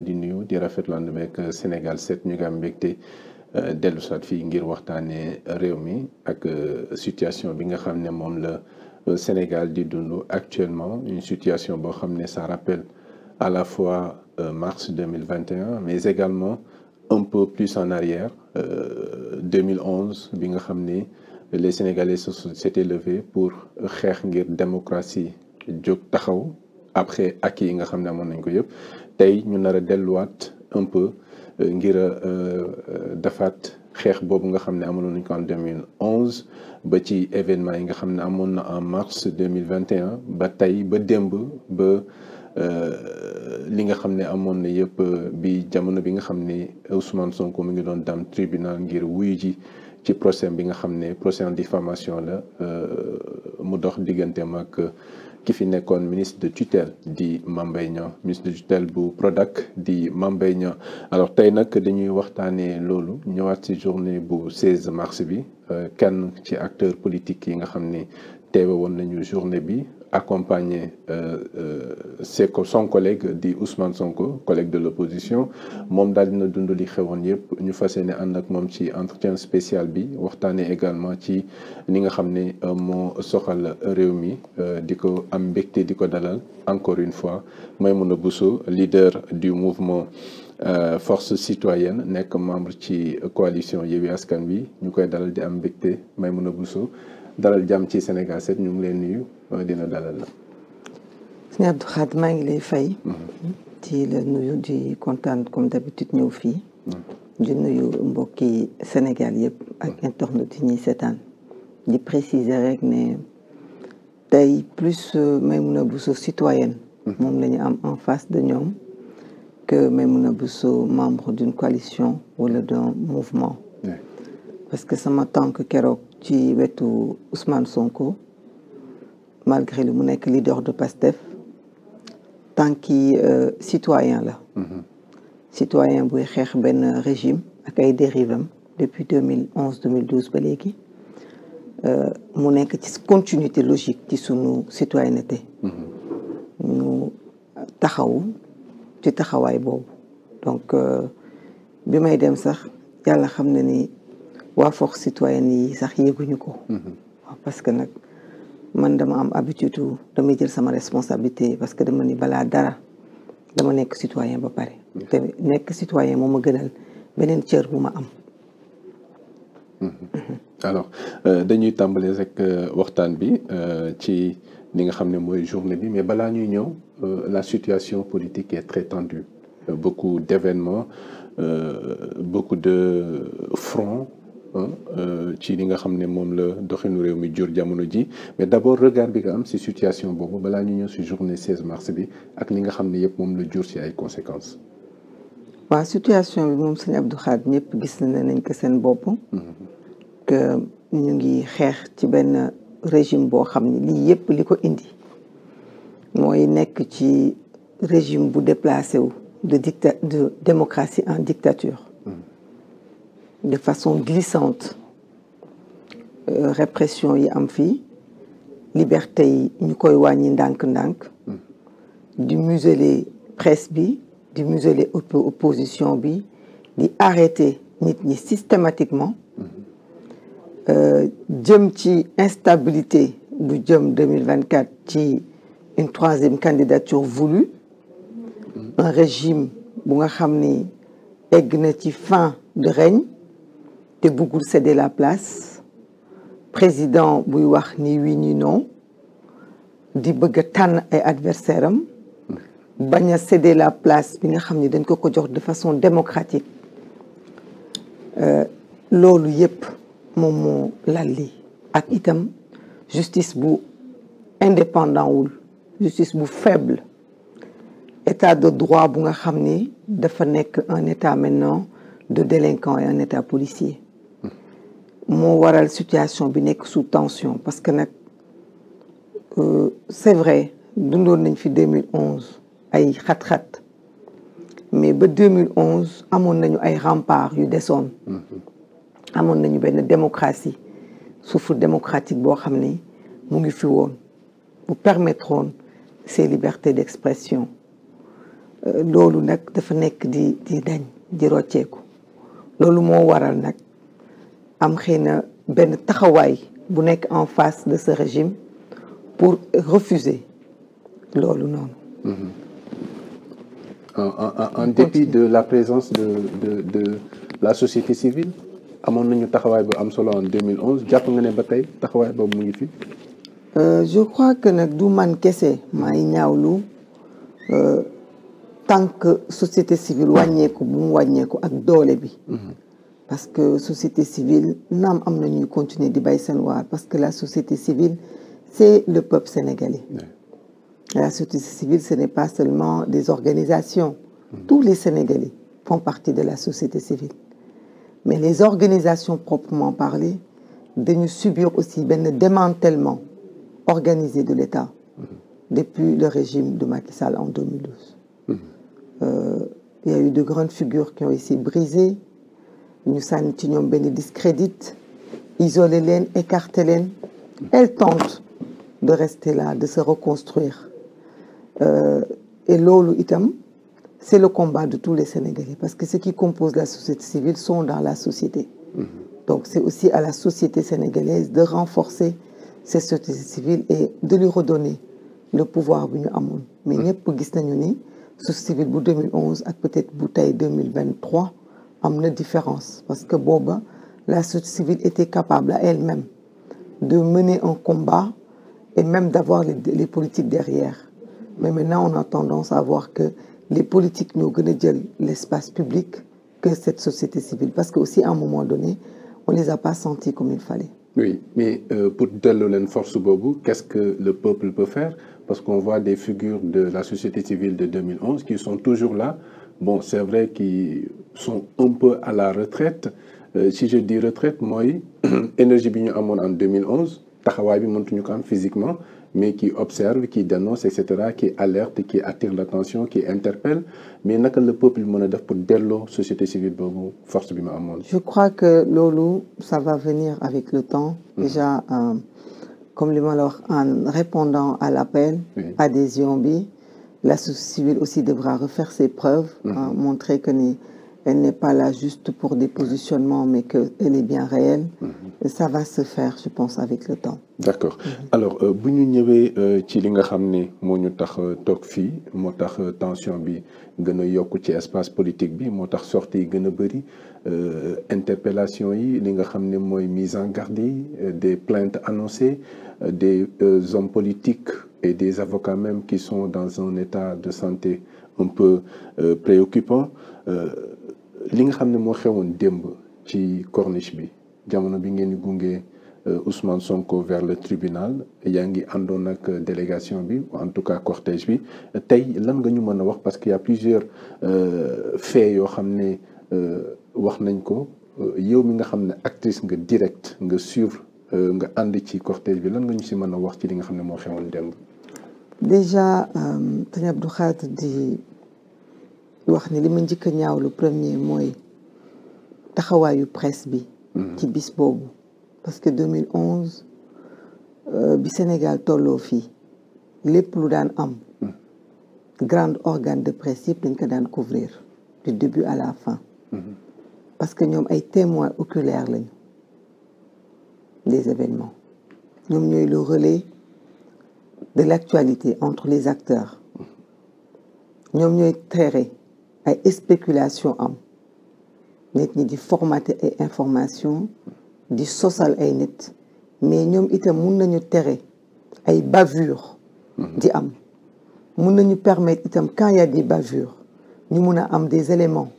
di nuyu di rafetlu ànd beeg Sénégal 7 ñu ngi euh, dellu saat fii ngir waxtaanee réew mi ak euh, situation bi nga xam ne moom la euh, Sénégal di dund actuellement une situation boo xam ne ça rappelle à la fois mars 2021 mais également un peu plus en arrière 2011 bi nga xam ni les Sénégalais se sont s'étaient levés pour xeex ngir démocratie jóg taxaw après ak yi nga xam ne amoon nañ ko yëpp tey ñu nar a delluwaat un peu euh, ngir euh, euh, defaat xeex boobu nga xam ne amoon nañ ko en 2011 ba ci événement yi nga xam ne amoon na en mars 2021 ba tey ba démb ba li nga xam ne amoon na yëpp bi jamono bi nga xam ne Ousmane Sonko mu ngi doon dem tribunal ngir wuy ji ci procès bi nga xam ne procès en diffamation la mu dox diggante ak. ki fi nekkoon ministre de tutelle di Mame Mbaye Niang ministre de tutelle bu Prodac di Mame Mbaye Niang alors tey nag dañuy waxtaanee loolu ñëwaat ci journée bu 16 mars bi euh, kenn ci acteur politique yi nga xam ni teewe woon nañu journée bi accompagner c'est euh, euh, que son collègue di Ousmane Sonko collègue de l'opposition moom daal dina dund li xewoon yëpp ñu fas yéene ànd ak moom ci entretien spécial bi waxtaanee également ci ni nga xam ne euh, moo soxal réew mi di ko am mbégte di ko dalal encore une fois mun Maïmouna Bousso leader du mouvement Euh, force citoyenne nekk membre ci coalition Yewwi Askan bi ñu koy dalal di am mbégte Maïmouna Bousso dalal jàmm ci Sénégal set ñu ngi leen nuyu dina dalal la. sëñ Abdou Khad maa ngi lay fay. ci mm-hmm. la nuyu di kontaan comme d'habitude ñëw fii. Mm-hmm. di nuyu mbokki Sénégal yëpp ak mm-hmm. internet ñi ñuy seetaan di préciser rek ne tey plus may euh, Maimouna Bousso citoyenne. moom la ñu am en face de ñoom que Maimouna Bousso membre d'une coalition wala d'un mouvement. parce que sama tànk keroog ci wetu Ousmane Sonko malgré li mu nekk leader de PASTEF tànki euh, citoyen la mhm. citoyen buy xeex benn régime ak ay dérive am depuis 2011 2012 ba léegi euh, mu nekk ci continuité logique ci sunu citoyenneté mhm. ñu taxawu ci taxawaay boobu donc euh, bi may dem sax yàlla xam na ni waa force citoyenne yi sax yéeguñu ko mhm. waaw parce que nag man dama am habitude damay jël sama responsabilité parce que dama ni balaa dara dama nekk citoyen ba pare mhm. te nekk citoyen moom a gënal beneen cër bu ma am mhm. alors euh, dañuy tàmbalee rek euh, waxtaan bi euh, ci li nga xam ne mooy journée bi mais balaa ñuy ñëw la situation politique est très tendue beaucoup d'événements beaucoup de fronts Euh, ci li nga xam ne moom la doxinu réew mi jur jamono ji mais d'abord regard bi nga am si situation boobu balaa ñu ñëw ci journée 16 mars bi ak ni nga xam ne yëpp moom la jur ci ay conséquences. waaw situation bi moom sëñ Abdou Khad ñëpp gis na nañ ko seen bopp. Mm-hmm. que ñu ngi xeex ci benn régime boo xam ne lii yëpp li ko indi mooy nekk ci régime bu déplacé wu de dicta de démocratie en dictature. de façon glissante euh, répression yi am fii liberté yi ñu koy wàññi ndànk-ndànk mm. di museler presse bi di museler opposition bi di arrêter nit ñi systématiquement mm. euh, jëm ci instabilité bu jëm 2024 ci une troisième candidature voulue mm. un régime bu nga xam ni egg na ci fin de règne te bëggul céder la place président buy wax ni oui ni non di bëgg a tànn ay adversaire am bañ a céder la place bi nga xam ni dañ ko ko jox de façon démocratique euh, loolu yëpp moom moo lal lii ak itam justice bu indépendant wul justice bu faible état de droit bu nga xam ni dafa nekk un état maintenant de délinquants et un état policier moo waral situation bi nekk su tension parce que nag euh, c'est vrai dundoon nañ fi 2011 ay xat-xat mais ba 2011 amoon nañu ay rempart yu desoon. Mm-hmm. amoon nañu benn démocratie souffle démocratique boo xam ne mu ngi fi woon bu permettre woon ces libertés d'expression euh, loolu nag dafa nekk di di dañ di rocceeku loolu moo waral nag. am xëy na benn taxawaay bu nekk en face de ce régime pour refuser loolu noonu. Mm-hmm. en en en dépit de la présence de de la société civile amoon nañu taxawaay bu am solo en 2011 jàpp nga ne ba tey taxawaay boobu mu ngi fi. Euh, je crois que nag du man kese maay lu euh, tant que société civile wàññeeku bu mu wàññeeku ak doole bi. Mm-hmm. parce que société civile naam am na ñuy continuer di bay seen waar parce que la société civile c'est le peuple sénégalais ouais. la société civile ce n'est pas seulement des organisations mmh. tous les Sénégalais font partie de la société civile mais les organisations proprement parlées dañu subir aussi benn démantèlement organisé de l'État mmh. depuis le régime de Macky Sall en 2012 mmh. Euh, eu de grandes figures qui ont essayé de ñu sànni ci ñoom benn discrédit isoler leen écarter leen elle tente de rester là de se reconstruire euh, et loolu itam c'est le combat de tous les Sénégalais parce que ceux qui composent la société civile sont dans la société mmh. donc c'est aussi à la société sénégalaise de renforcer cette société civile et de lui redonner le pouvoir bu ñu amoon mais mm-hmm. ñëpp gis nañu ni société civile bu 2011 ak peut-être bu tey 2023 am na différence parce que booba la société civile était capable à elle-même de mener un combat et même d'avoir les, les politiques derrière mais maintenant on a tendance à voir que les politiques ñoo gën a jël l'espace public que cette société civile parce que aussi à un moment donné on les a pas sentis comme il fallait oui mais euh, pour delloo leen force boobu qu'est-ce que le peuple peut faire parce qu'on voit des figures de la société civile de 2011 qui sont toujours là bon c'est vrai qu'ils sont un peu à la retraite euh, si je dis retraite mooy énergie bi ñu amoon en 2011 taxawaay bi mënatuñu ko am physiquement mais qui observe qui dénonce et cetera qui alerte qui attire l'attention qui interpelle mais naka le peuple mën a def pour delloo société civile boobu force bi ma amoon. je crois que loolu ça va venir avec le temps. Mm-hmm. déjà euh, comme li ma la wax en répondant à l'appel. Oui. adhésion bi. la société civile aussi devra refaire ses preuves, mm -hmm. montrer que ni, elle n'est pas là juste pour des positionnements, mais qu'elle est bien réelle. Mm -hmm. Ça va se faire, je pense, avec le temps. Mhm. Alors, euh, bu ñu ñëwee euh, ci li nga xam ne moo ñu tax euh, toog fii moo tax tension bi gën a yokk ci espace politique bi moo tax sorti yi gën a bëri interpellation yi li nga xam ne mooy mise en garde yi des plaintes annoncées des hommes politiques. et des avocats même qui son dans un état de santé un peu euh, préoccupant euh, li nga xam ne moo xewoon démb ci corniche bi jamono bi ngeen di gunge euh, Ousmane Sonko vers le tribunal yaa ngi àndoon ak délégation bi en tout cas cortège bi tey lan nga ñu mën a wax parce qu'il y a plusieurs euh, faits yoo xam ne wax nañ ko yow mi nga xam ne actrice nga direct nga suivre nga ànd ci cortège bi lan nga ñu si mën a wax ci li nga xam ne moo xewoon démb. déjà sëñ euh, Abdou Khadre di wax ni li ma jëkk a ñaawlu premier mooy taxawaayu presse bi. Mhm. ci bis boobu. parce que 2011 euh, bi Sénégal tolloo fii lépp lu daan am. Mhm. grande organe de presse yëpp dañ ko daan couvrir du début à la fin. Mhm. parce que ñoom ay témoins oculaires lañu des événements ñoom ñooy le relais. de l'actualité entre les acteurs ñoom ñooy traiter ay spéculation am nit ñi di format ay information di sosal ay nit mais ñoom itam mun nañu tere ay bavure mhm. di am mun nañu permettre itam quand il y a des bavures ñu mun a am des éléments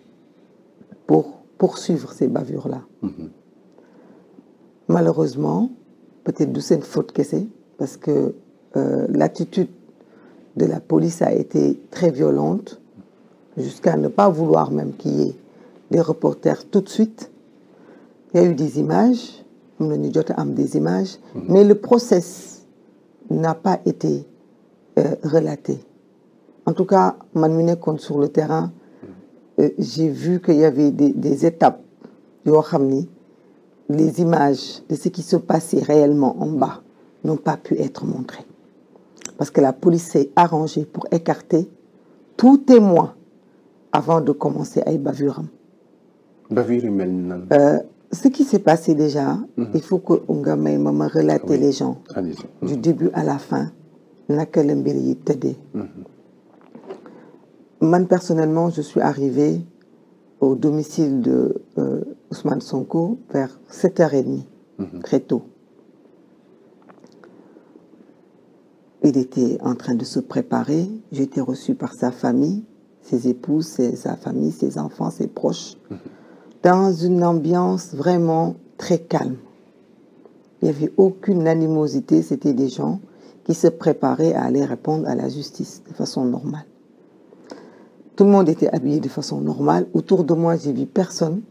pour poursuivre ces bavures là mm malheureusement peut-être du seen faute kese parce euh, l'attitude de la police a été très violente, jusqu'à ne pas vouloir même qu'il y ait des reporters tout de suite. Il y a eu des images, des images, mm -hmm. mais le process n'a pas été euh, relaté. En tout cas, Manmine compte sur le terrain. Euh, J'ai vu qu'il y avait des, des étapes du Les images de ce qui se passait réellement en bas n'ont pas pu être montrées. parce que la police s'est arrangée pour écarter tout témoin avant de commencer ay bavure am. bavure yu mel nan. Euh, ce qui s'est passé déjà. Mm -hmm. il faut que nga may ma ma relater oui. les gens. Allez mm -hmm. du début à la fin naka la mbir yi tëddee. Mhm. man personnellement je suis arrivée au domicile de euh, Ousmane Sonko vers sept heures et demie. Mhm. très tôt. Il était en train de se préparer. J'ai été reçue par sa famille, ses épouses, ses, sa famille, ses enfants, ses proches, mmh. dans une ambiance vraiment très calme. Il n'y avait aucune animosité, c'était des gens qui se préparaient à aller répondre à la justice de façon normale. Tout le monde était habillé de façon normale. Autour de moi, j'ai vu personne,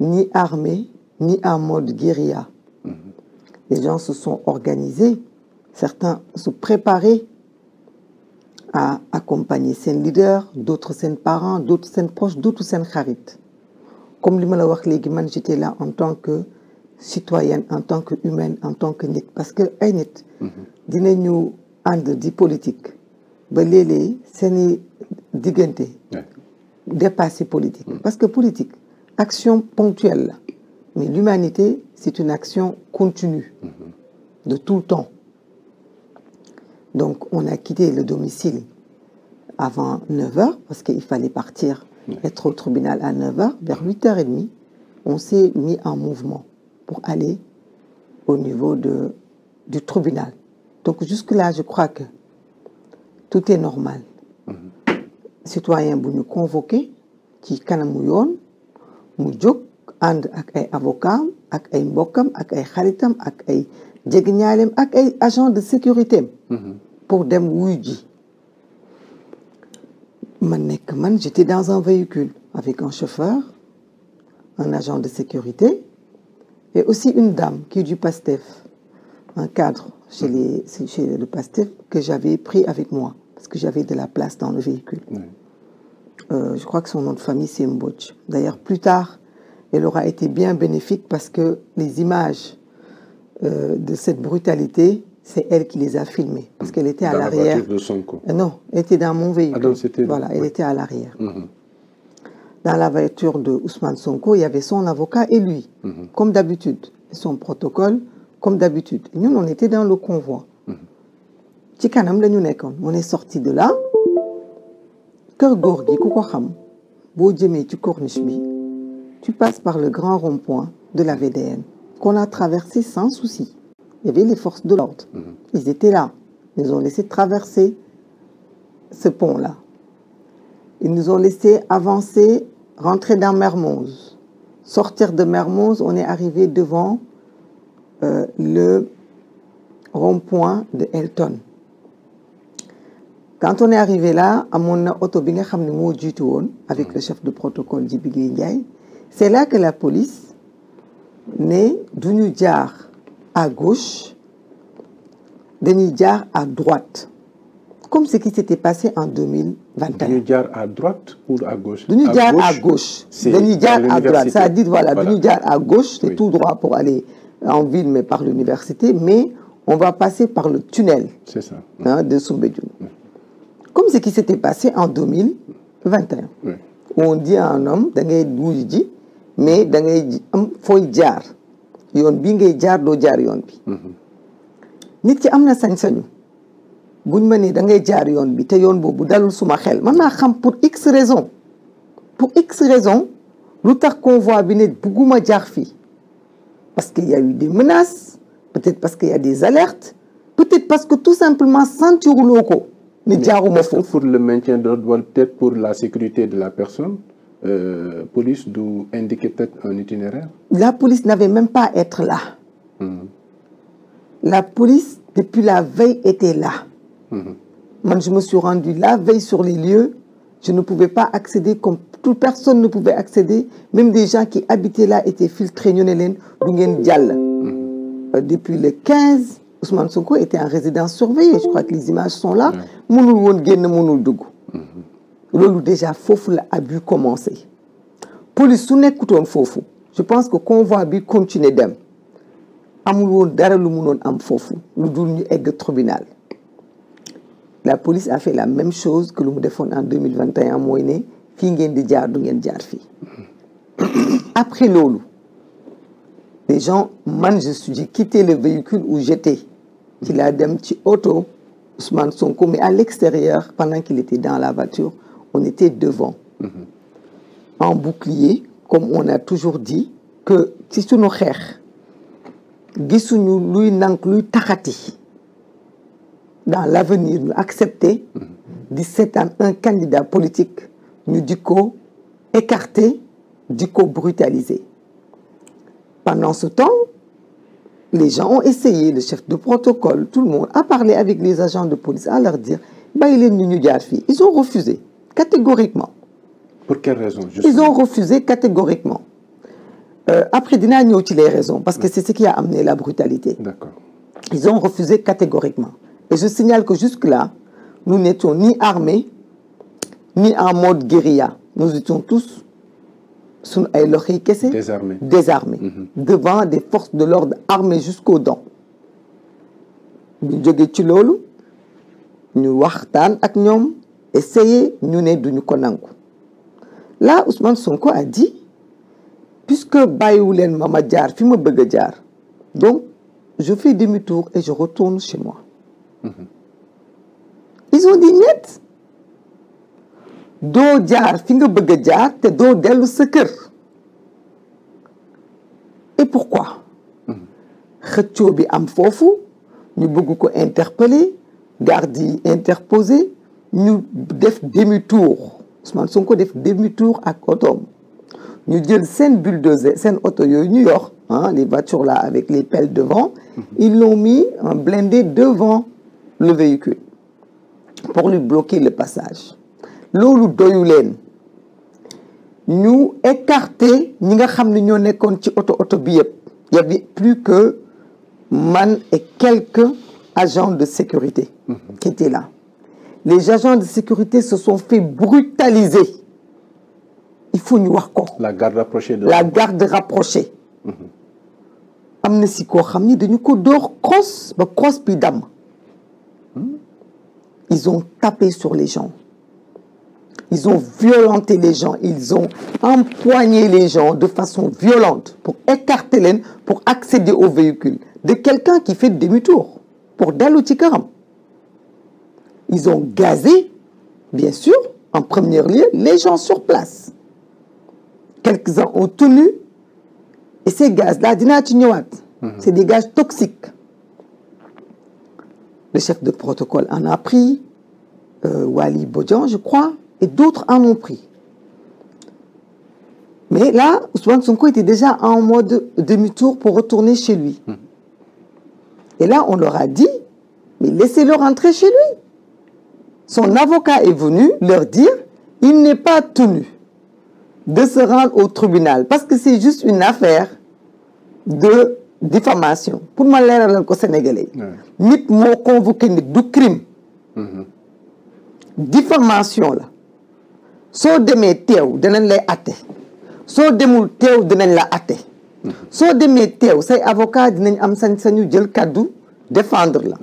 ni armé, ni en mode guérilla. Mmh. Les gens se sont organisés Certains se préparaient à accompagner seen leader d'autres seen parents d'autres seen proches d'autres seen xarit comme li ma la wax léegi man j'étais là en tant que citoyenne en tant que humaine en tant que nit parce que ay nit mm-hmm. dinañu ànd di politique ba léeg-léeg seeni diggante dépasser politique mm. parce que politique action ponctuelle la mais l'humanité c'est une action continue mm-hmm. de tout le temps Donc on a quitté le domicile avant 9h parce qu'il fallait partir, être au tribunal à 9h. Vers 8h30, on s'est mis en mouvement pour aller au niveau de, du tribunal. Donc jusque-là, je crois que tout est normal. Mhm. citoyen bu ñu convoqué ci kanamu yoon mu jóg ànd ak ay avocat ak ay mbokkam ak ay xaritam ak ay jéggi ñaaleem ak ay agent de sécurité mhm. pour dem wuy ji ma nekk man j'étais dans un véhicule avec un chauffeur un agent de sécurité et aussi une dame qui est du PASTEF un cadre chez mhm. les chez le PASTEF que j'avais pris avec moi parce que j'avais de la place dans le véhicule oui. euh, je crois que son nom de famille c'est Mbodj d'ailleurs plus tard elle aura été bien bénéfique parce que les images euh, de cette brutalité, c'est elle qui les a filmés. Parce qu'elle était à l'arrière. La de Sonko. Euh, non, elle ah, mhm. dans la voiture de Ousmane Sonko, il y son avocat et lui, mhm. comme d'habitude. Son protocole, comme d'habitude. Nous, on dans le convoi. Tikanam mhm. la ñu nekkoon on est sorti de là kër góor gi ku ko xam boo ci corniche bi tu passes par le grand rond-point de la VDN qu'on a traversé sans souci. Il y avait les forces de l'ordre. Mmh. Ils étaient là. Ils nous ont laissé traverser ce pont-là. Ils nous ont laissé avancer, rentrer dans Mermoz. Sortir de Mermoz, on est arrivé devant euh, le rond-point de Elton. Quand on est arrivé là, à mon auto avec mhm. le chef de protocole Djibi C'est là que la police ne duñu jaar à gauche dañuy jaar à droite comme ce qui s'était passé en 2021. duñu jaar à droite ou à gauche. duñu jaar à gauche dañuy jaar à droite c'est-à-dire voilà duñu jaar à gauche c'est tout droit pour aller en ville mais par l'université mais on va passer par le tunnel. c'est ça hein, de Soumbédioune. comme ce qui s'était passé en 2021. on dit un homme da ngay wuyu ji. mais da ngay am fooy jaar yoon bii ngay jaar doo jaar yoon bi mhm. nit ki am na sañ-sañu buñ ma ne da jaar yoon bi te yoon boobu dalul suma xel mën naa xam pour x raison pour x raison lu tax convoi bi ne bugguma jaar fii parce que y a eu des menaces peut-être parce qu'il y a des alertes peut-être parce que tout simplement sentiruloo ko ne jaaruma foofu pour le maintien de pour la sécurité de la personne euh, police d'où indiquer peut-être un itinéraire La police n'avait même pas à être là. Mmh. La police, depuis la veille, était là. Mmh. Moi, je me suis rendu là, veille sur les lieux. Je ne pouvais pas accéder comme toute personne ne pouvait accéder. Même des gens qui habitaient là étaient filtrés. Mmh. Depuis le 15, Ousmane Sonko était en résidence surveillée. Je crois que les images sont là. Mmh. loolu déjà foofu la abus commencé police su nekkutoon foofu je pense que convoi bi continuer dem am amul woon dara lu mu munoon am foofu lu dul ñu egg tribunal la police a fait la même chose que lu mu defoon en deux mille vingt et un mooy ne fii ngeen di jaar du ngeen jaar fi après loolu les gens man je suis j'ai le véhicule où j'étais ci laa dem ci auto Ousmane Sonko mais à l'extérieur pendant qu'il était dans la voiture on était devant. Mm -hmm. En bouclier, comme on a toujours dit, que ci sunu xeex gisuñu luy nank luy taxati dans l'avenir ñu accepter mm-hmm. di seetaan un candidat politique ñu di ko écarter di ko brutaliser pendant ce temps les gens ont essayé le chef de protocole tout le monde a parlé avec les agents de police à leur dire bàyyi leen ñu ñu jaar fii ils ont refusé catégoriquement. pour quelle raison justement? ils ont refusé catégoriquement. Euh, après dinaa ñëw ci les raisons. parce que c'est ce qui a amené la brutalité. d'accord. ils ont refusé catégoriquement. et je signale que jusque-là nous n'étions ni armés ni en mode guérilla nous étions tous sunu ay loxo yi kese. désarmés mm-hmm. devant des forces de l'ordre armées jusqu'aux dents. ñu jóge ci loolu ñu waxtaan ñoom. essayer ñu ne duñu ko nangu la Ousmane Sonko a dit puisque bàyyiwu leen ma ma jaar fi ma bëgg jaar donc je fais demi-tour et je retourne chez moi mm -hmm. ils net doo jaar fi nga bëgg a jaar te doo dellu sa kër et pourquoi mm-hmm. xëccoo bi am foofu ñu bëgg ko interpeller garde di interposé ñu def demi tour Ousmane Sonko def demi tour ak otoom ñu jël seen bulldozer seen oto yooyu ñu yor ah les voitures là avec les pelles devant mhm. ils l'ont mis en blindé devant le véhicule pour lui bloquer le passage loolu doyu leen ñu écarté ñi nga xam ne ñoo nekkoon ci oto oto bi yëpp y avait plus que man et quelques agents de sécurité mhm. qui étaient là les agents de sécurité se sont fait brutaliser il faut ñu wax ko. la garde rapprochée de la garde rapprochée. Mhm. am na si koo xam ni dañu ko dóor crosse ba crosse bi damm. ils ont tapé sur les gens. ils ont violenté les gens ils ont empoigné les gens de façon violente pour écarter leen pour accéder au véhicule de quelqu'un qui fait de tour pour dellu ci këram. Ils ont gazé, bien sûr, en premier lieu, les gens sur place. Quelques-uns ont tenu. Et ces gaz-là, mhm. c'est des gaz toxiques. Le chef de protocole en a pris, euh, Wali Bodjan, je crois, et d'autres en ont pris. Mais là, Ousmane Sonko était déjà en mode demi-tour pour retourner chez lui. Mmh. Et là, on leur a dit, mais laissez-le rentrer chez lui. Son avocat est venu leur dire, il n'est pas tenu de se rendre au tribunal parce que c'est juste une affaire de diffamation pour ma leeralal ko sénégalais nit moo convoqué nit du crime mhm. diffamation la soo demee teew dinañ lay atte soo demul teew dinañ la atte mhm. soo demee teew say avocat dinañ am sañ-sañu jël kàddu défendre la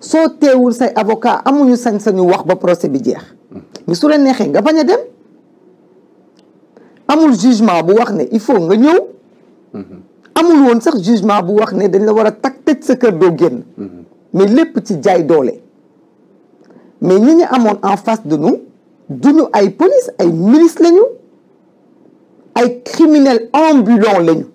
soo teewul say avocat amuñu sañ-sañu wax ba procès bi jeex mais su la neexee nga bañ a dem amul jugement bu wax ne il faut nga ñëw amul woon sax jugement bu wax ne dañ la war a takk tëj sa kër doo génn mais lépp ci jaay doole mais ñi ñu amoon en face de nous duñu ay police ay milice lañu ay criminels ambulants lañu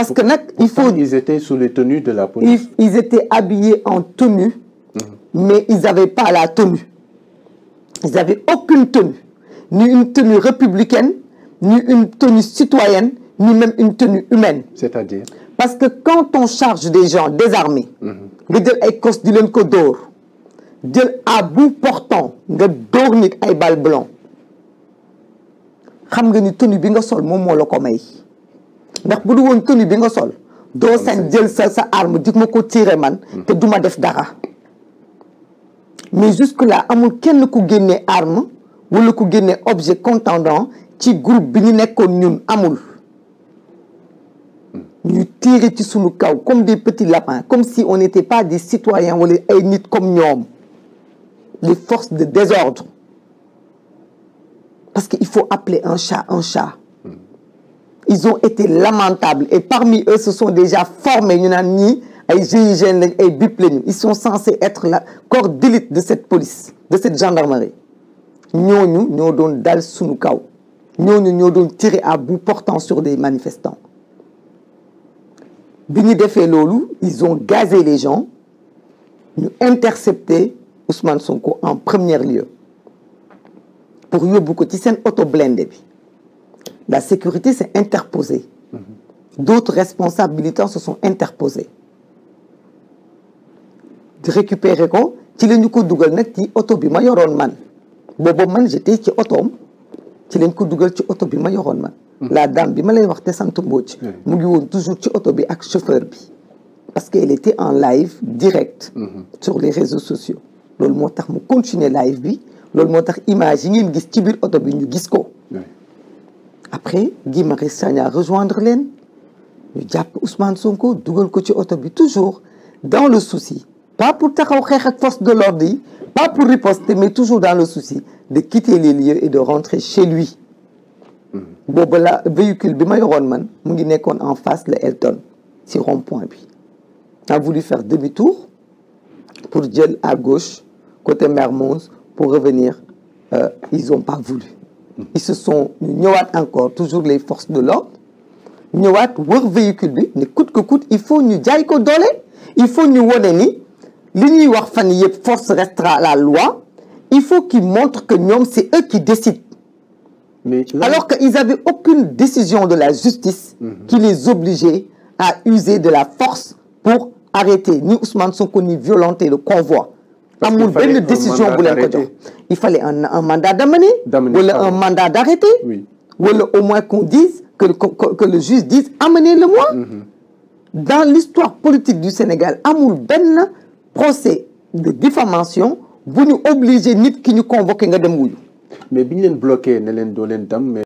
parce que nag il faut ils étaient sous les tenues de la police. ils, ils étaient habillés en tenue. Mhm. mais ils n'avaient pas la tenue. ils n'avaient aucune tenue ni une tenue républicaine ni une tenue citoyenne ni même une tenue humaine. parce que quand on charge des gens désarmés. Mhm. nga jël ay cos di leen ko dóor. jël portant nga dóor nit ay bal blanc xam nga ni tenue bi nga sol moom la ko may. ndax bu du woon tenue bi nga sol doo sañ jël sa sa arme di ma ko tiire man hmm. te duma def dara mais jusque là amul kenn ku génne arm wala ku génne objet contendant ci groupe bi ñu nekkoon ñun amul hmm. ñu tiire ci sunu kaw comme de petits lapins comme si on n'était pas des citoyens wala ay nit comme ñoom les forces de désordre parce que il faut appeler un chat un chat ils ont été lamentables et parmi eux se sont déjà formés ñu naan ñii ay GIGN lañ ay BIP lañu ils sont censés être la corps d'élite de cette police de cette gendarmerie ñooñu ñoo doon dal suñu kaw ñooñu ñoo doon tirer à bout portant sur des manifestants bi ñu defee loolu ils ont gazé les gens ñu intercepté Ousmane Sonko en premier lieu pour yóbbu ko ci seen auto blindé bi La sécurité s'est interposée. Mmh. D'autres responsables militants se sont interposés. di récupérer ko ci la ñu ko dugal nag ci oto bi ma yoroon man boobu man j'étais ci otoom ci lañ ko dugal ci oto bi ma yoroon man. Mhm. la dame bi ma lay wax te sant Mbodj. mu ngi woon toujours ci oto bi ak chauffeur bi. parce que elle était en live direct. Mm -hmm. sur les réseaux sociaux. loolu moo tax mu continuer live bi loolu moo tax image yi ngeen gis ci biir oto bi ñu gis ko. après Guy Marius Sagna rejoindre leen ñu jàpp Ousmane Sonko dugal ko ci oto bi toujours dans le souci pas pour taxaw xeex ak force de l'ordre yi pas pour riposter mais toujours dans le souci de quitter les lieux et de rentrer chez lui mm-hmm. booba la véhicule bi ma yoroon man mu ngi nekkoon en face le Elton si rond-point bi a voulu faire demi-tour pour jël à gauche côté Mermoz pour revenir euh, ils ont pas voulu ils se sont ñu ñëwaat encore toujours les forces de l'ordre ñëwaat wër véhicule bi ne coûte que coûte il faut ñu jaay ko doole il faut ñu wone ni li ñuy wax fan yëpp force restera la loi il faut qu'ils montrent que ñoom c'est eux qui décident Mais alors qu'ils avaient aucune décision de la justice mmh. qui les obligeait à user de la force pour arrêter ni Ousmane Sonko ni violenter le convoi amul benn décision bu leen ko jox il fallait un un mandat d'amener wala un mandat d'arrêter wala au moins qu'on dise que que le juge dise amenez-le-moi mm-hmm. dans l'histoire politique du Sénégal amul benn procès de diffamation bu ñu obligé nit ki ñu convoqué nga dem wuyu mais bi ñu leen bloqué ne leen doo leen dem